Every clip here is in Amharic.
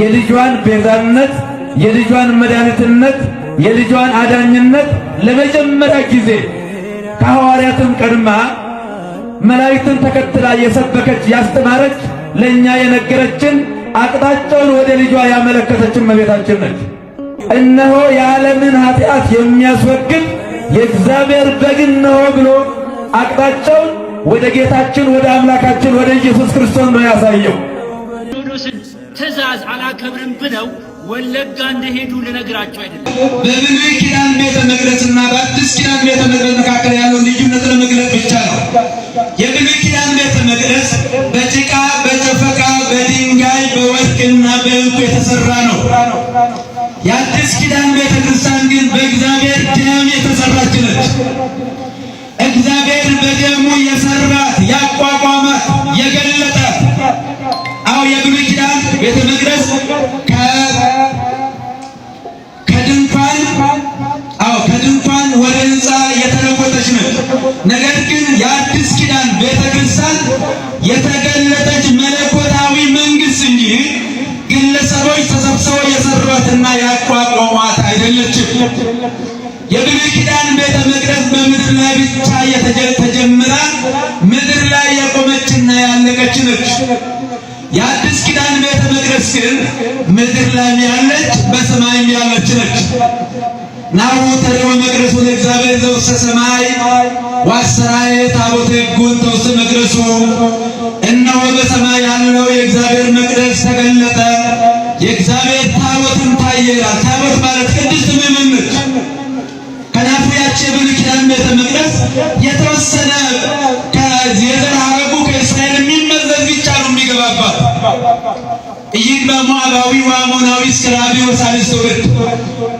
የልጇን ቤዛነት፣ የልጇን መድኃኒትነት፣ የልጇን አዳኝነት ለመጀመሪያ ጊዜ ከሐዋርያትም ቀድማ መላእክትን ተከትላ የሰበከች ያስተማረች፣ ለእኛ የነገረችን አቅጣጫውን ወደ ልጇ ያመለከተችን መቤታችን ነች። እነሆ የዓለምን ኃጢአት የሚያስወግድ የእግዚአብሔር በግ እነሆ ብሎ አቅጣጫውን ወደ ጌታችን ወደ አምላካችን ወደ ኢየሱስ ክርስቶስ ነው ያሳየው። ትእዛዝ አላከብርም ብለው ወለጋ እንደሄዱ ልነግራቸው አይደለም። በብሉይ ኪዳን ቤተ መቅደስና በአዲስ ኪዳን ቤተ መቅደስ መካከል ያለው ልዩነት ለመግለጽ ብቻ ነው። የብሉይ ኪዳን ቤተ መቅደስ በጭቃ በጨፈቃ በድንጋይ በወርቅና በእንቁ የተሰራ ነው። የአዲስ ኪዳን ቤተ ክርስቲያን ግን በእግዚአብሔር ደም የተሰራች ነች። እግዚአብሔር በደሙ የሰራ ነገር ግን የአዲስ ኪዳን ቤተክርስቲያን የተገለጠች መለኮታዊ መንግስት እንጂ ግለሰቦች ተሰብስበው የሰሯትና ያቋቋሟት አይደለችም። የብሉይ ኪዳን ቤተ መቅደስ በምድር ላይ ብቻ ተጀምራ ምድር ላይ የቆመችና ያለቀች ነች። የአዲስ ኪዳን ቤተ መቅደስ ግን ምድር ላይ ያለች በሰማይም ያለች ነች። ናሁ ተርእዩ መቅደሱ ለእግዚአብሔር ዘውስተ ሰማይ ዋሰራዬ ታቦተ ሕጉን ተውስ መቅደሱ እነሆ በሰማይ ያለው የእግዚአብሔር መቅደስ ተገለጠ። የእግዚአብሔር ታቦትም ታየላል። ታቦት ማለት ቅድስት ምምምር ከናፍያቸው የብሉይ ኪዳን ቤተ መቅደስ የተወሰነ ኢይግባ ሞዓባዊ ወአሞናዊ እስከ ራብዕ ወሳልስ ትውልድ፣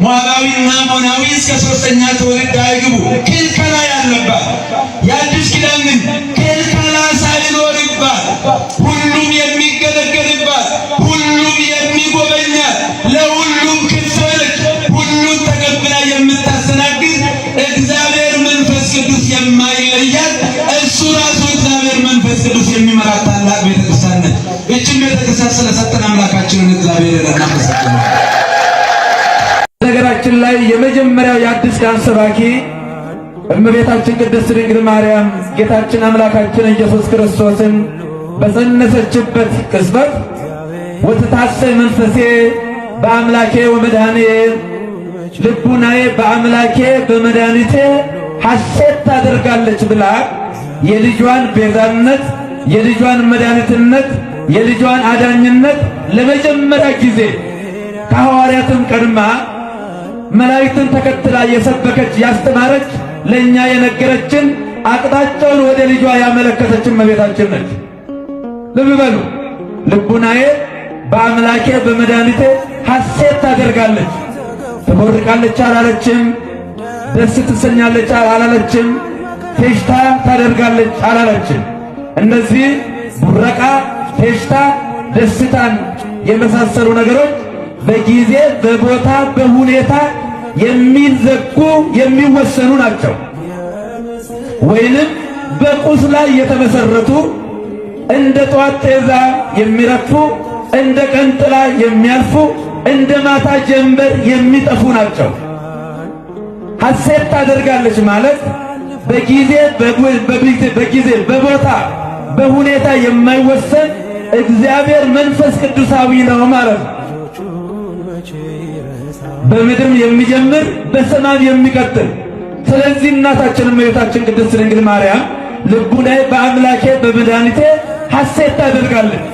ሞዓባዊና አሞናዊ እስከ ሶስተኛ ትውልድ አይግቡ ክልከላ ያለባት የአዲስ ኪዳን ግን ክልከላ ሳይኖርባት ሁሉም የሚገለገልባት ስለሰጠን አምላካችንን እግዚአብሔርን እናመሰግናለን። ነገራችን ላይ የመጀመሪያው የአዲስ ኪዳን ሰባኪ እመቤታችን ቅድስት ድንግል ማርያም ጌታችን አምላካችን ኢየሱስ ክርስቶስን በጸነሰችበት ቅጽበት ወትታሰይ መንፈሴ በአምላኬ ወመድኃኒዬ ልቡናዬ በአምላኬ በመድኃኒቴ ሐሴት ታደርጋለች ብላ የልጇን ቤዛነት የልጇን መድኃኒትነት የልጇን አዳኝነት ለመጀመሪያ ጊዜ ከሐዋርያትም ቀድማ መላእክትን ተከትላ የሰበከች ያስተማረች፣ ለእኛ የነገረችን አቅጣጫውን ወደ ልጇ ያመለከተችን እመቤታችን ነች። ልብ በሉ። ልቡናዬ በአምላኬ በመድኃኒቴ ሐሴት ታደርጋለች። ትቦርቃለች አላለችም። ደስ ትሰኛለች አላለችም። ፌሽታ ታደርጋለች አላለችም። እንደዚህ ቡረቃ ፌሽታ፣ ደስታን የመሳሰሉ ነገሮች በጊዜ በቦታ በሁኔታ የሚዘጉ የሚወሰኑ ናቸው። ወይንም በቁስ ላይ የተመሰረቱ እንደ ጠዋት ጤዛ የሚረግፉ እንደ ቀን ጥላ የሚያልፉ እንደ ማታ ጀንበር የሚጠፉ ናቸው። ሐሴት ታደርጋለች ማለት በጊዜ በጊዜ በቦታ በሁኔታ የማይወሰን እግዚአብሔር መንፈስ ቅዱሳዊ ነው ማለት ነው። በምድር የሚጀምር በሰማይ የሚቀጥል። ስለዚህ እናታችን እመቤታችን ቅድስት ድንግል ማርያም ልቡ ላይ በአምላኬ በመድኃኒቴ ሐሴት ታደርጋለች።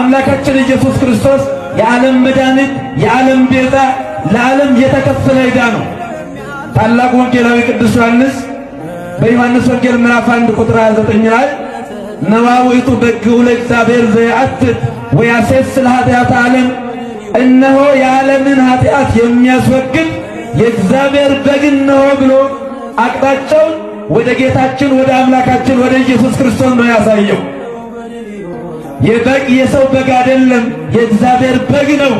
አምላካችን ኢየሱስ ክርስቶስ የዓለም መድኃኒት፣ የዓለም ቤዛ፣ ለዓለም የተከፈለ ዕዳ ነው። ታላቁ ወንጌላዊ ቅዱስ ዮሐንስ በዮሐንስ ወንጌል ምዕራፍ 1 ቁጥር 29 ላይ ነዋዊቱ በግሁ ለእግዚአብሔር ዘያአትት ወያሴስል ኃጢአት ዓለም እነሆ የዓለምን ኃጢአት የሚያስወግድ የእግዚአብሔር በግ እነሆ ብሎ አቅጣጫውን ወደ ጌታችን ወደ አምላካችን ወደ ኢየሱስ ክርስቶስ ነው ያሳየው። የበግ የሰው በግ አይደለም፣ የእግዚአብሔር በግ ነው።